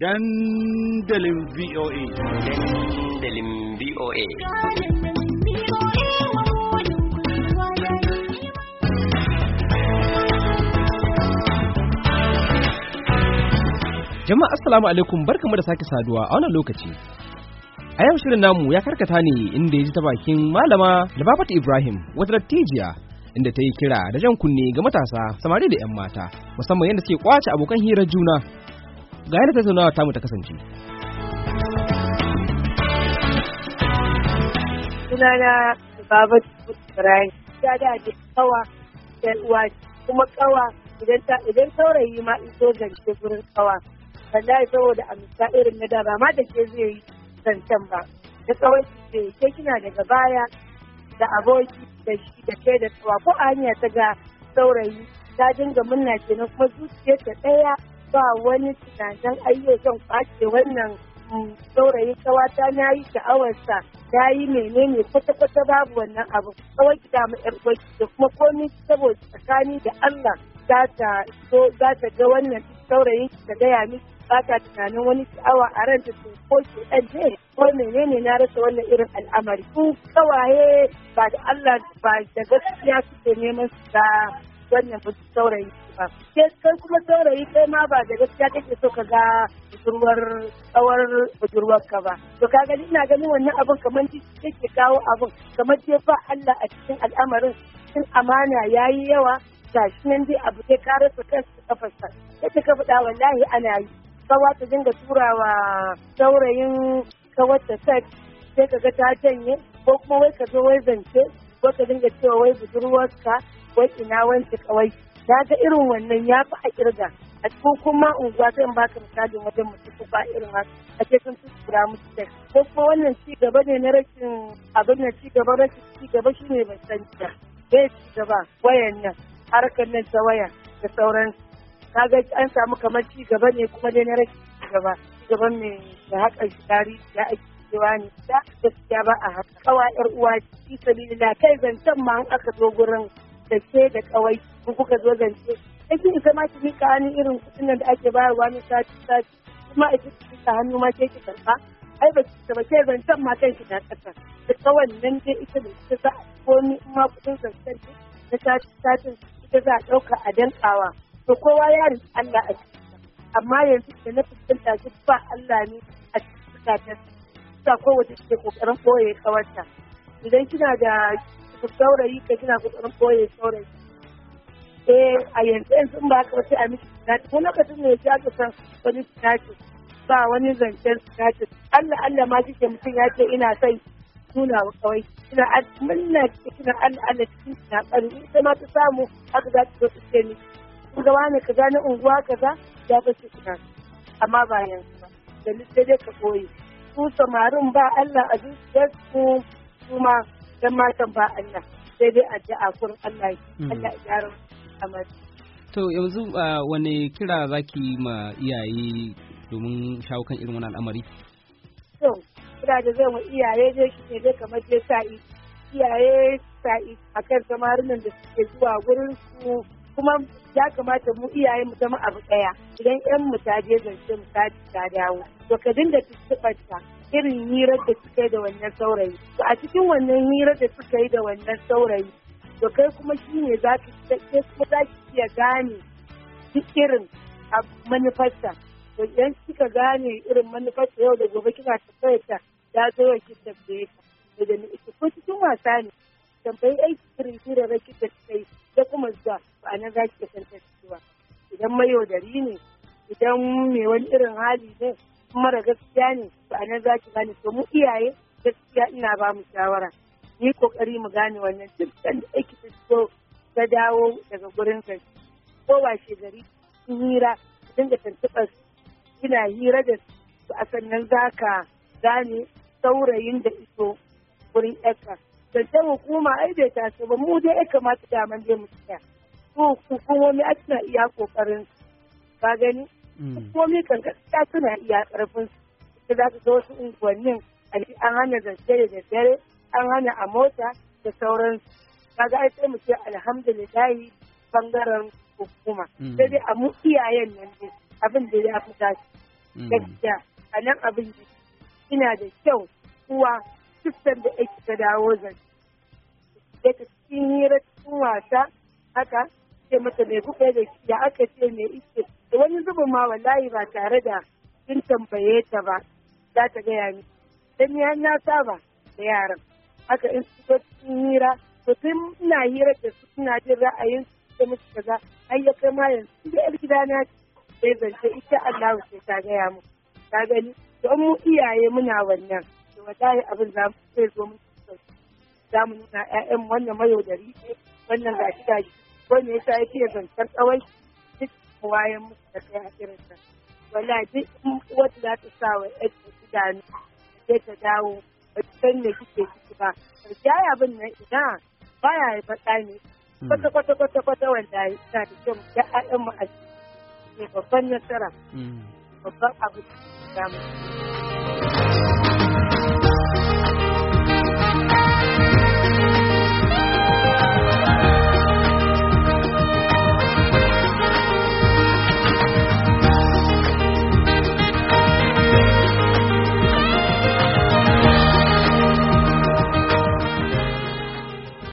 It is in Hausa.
dandalin VOA. Dandalin VOA. Jama'a Assalamu alaikum barkamu da sake saduwa a wannan lokaci. A yau shirin namu ya karkata ne inda ya ji ta bakin malama Lababatu Ibrahim wata dattijiya inda ta yi kira da jan kunne ga matasa samari da 'yan mata musamman yadda suke kwace abokan hirar juna ga yadda tattaunawa tamu ta kasance sunana baba Ibrahim ya da ji kawa da uwa kuma kawa idan ta idan saurayi ma in so zance gurin kawa wallahi saboda amsa irin na da ba ma da ke zai yi zancen ba da kawai ce ke kina daga baya da aboki da shi da kai da tsawa ko hanya ta ga saurayi ta dinga munna kenan kuma zuciyarta ɗaya ba wani tunanin ayyo zan kwace wannan mm, saurayi kawata na yi sha'awarsa ya yi menene kwata-kwata babu wannan abu kawai ki damu yar gwaki da kuma komi saboda tsakani da Allah za ta ga wannan saurayin ta gaya ni ba ta tunanin wani sha'awa a ran ta ko ki dan ne ko menene na rasa wannan irin al'amari ku kawaye ba da Allah ba da gaskiya suke neman su wannan saurayi ba kai kuma saurayi kai ma ba da gaskiya kake so ka ga budurwar tsawar budurwar ka ba to ka gani ina ganin wannan abun kamar kake kawo abin kamar dai ba Allah a cikin al'amarin cikin amana ya yi yawa shi nan dai abu sai ka rasa kansa kafarsa yadda ka faɗa wallahi ana yi kawa ta dinga turawa saurayin kawar ta sai ka ga ta janye ko kuma wai ka zo wai zance ko ka dinga cewa wai budurwarka wai ina wance kawai na ga irin wannan ya fi a kirga a cikin kuma unguwa zan baka misalin wajen mutum ko ba irin haka a ce sun tura musu da ko kuma wannan ci gaba ne na rashin abin da ci gaba rashin ci gaba ne ban san ciya bai ci gaba wayan nan harkar nan ta waya da sauran ka ga an samu kamar ci gaba ne kuma dai na rashin ci gaba ci gaba ne da haka shi tarihi ya ake cewa ne da gaskiya ba a haka kawa yar uwa ci sabilillah kai zancen ma an aka zo gurin da ke da kawai ko kuka zo zance sai kin isa ma ki mika irin kudin nan da ake bayarwa na sati sati kuma a ki ta hannu ma ke ki karba ai ba ki ba ke zancen ma ki na kasa da kawai nan dai ita da ita za a komi in ma kuɗin zancen na sati satin ita za a dauka a dankawa to kowa ya rinci Allah a cikin amma yanzu da na fuskanta shi ba Allah ne a cikin ta Sa kowace ke kokarin boye kawarta. Idan kina da saurayi ka gina kokarin boye saurayi eh a yanzu yanzu ba ka wace a miki tinaci ko lokacin ne ya ji san wani tinaci ba wani zancen tinaci Allah Allah ma kike mutum ya ce ina sai suna wa kawai kina munna kina Allah Allah cikin tinakari sai ma ta samu haka za ta zo ta ce ni kun gaba wani ka gane unguwa kaza ya ba su tinaci amma ba yanzu ba da dai ka koyi su samarin ba Allah a zuciyarsu su ma dan matan ba Allah sai dai addu'a kun Allah hmm. Allah ya gyara amar to yanzu uh, wani kira zaki ma iyaye domin shawo kan irin wannan al'amari to kira da zai mu iyaye je shi ne dai kamar je sa'i iyaye sa'i akan samarin da suke zuwa gurin su kuma ya kamata mu iyaye mu zama abu ɗaya idan yan mu ta je zance mu ta ta dawo to ka dinga tuntuɓarta irin hirar da suka yi da wannan saurayi to a cikin wannan hirar da suka yi da wannan saurayi to kai kuma ne za ki kuma za ki iya gane duk irin manufarsa to idan kika gane irin manufarsa yau da gobe kina ta ya zo ya ki tafiye ta to da ko cikin wasa ne tambayi aiki irin da raki da suka yi da kuma zuwa a nan za ki kasance cewa idan mayaudari ne idan mai wani irin hali ne mara gaskiya ne ba a nan za ki gane to mu iyaye gaskiya ina ba mu shawara ni kokari mu gane wannan duk da aiki ta ta dawo daga gurin ka ko ba gari sun hira dinga tuntuɓar ina hira da su a sannan za ka gane saurayin da iso gurin ƴaƙa. ta hukuma ai bai taso ba mu dai ya kamata daman dai mu tsaya su hukumomi a suna iya kokarin ka gani mm. hukumomi kan ta suna iya karfin su za ka ga wasu unguwannin an hana zance da daddare an hana a mota da sauransu kaga ai sai mu ce alhamdulillah bangaren hukuma mm. sai dai a mu iyayen nan ne abin da ya fi tashi mm. gaskiya a nan abin ina da kyau kuwa. siffar da ake ta dawo daga cikin hira cikin wasa haka ce mata mai kuka da da aka ce mai iske da wani zubin ma wallahi ba tare da kin tambaye ta ba za ta gaya ni dan ya na saba da yaran haka in su zo cikin hira to sai ina hira da su suna jin ra'ayin su da musu kaza ai ya kai ma yanzu da yar gida na sai zance ita allahu sai ta gaya mu ta gani don mu iyaye muna wannan ce wallahi abin za mu zai zo mun za mu nuna ƴaƴan wannan mayaudari ne wannan gashi gashi ko me yasa yake zancen tsawai duk wayan mu da kai a irin sa wallahi duk wata za ta sa wa ƴaƴa idanu sai ta dawo ba ta san me kike ciki ba jaya abin nan idan baya ya faɗa ne hmm. kwata kwata kwata kwata wanda ya sa da kyau da ƴaƴan mu a babban nasara hmm. babban abu da mu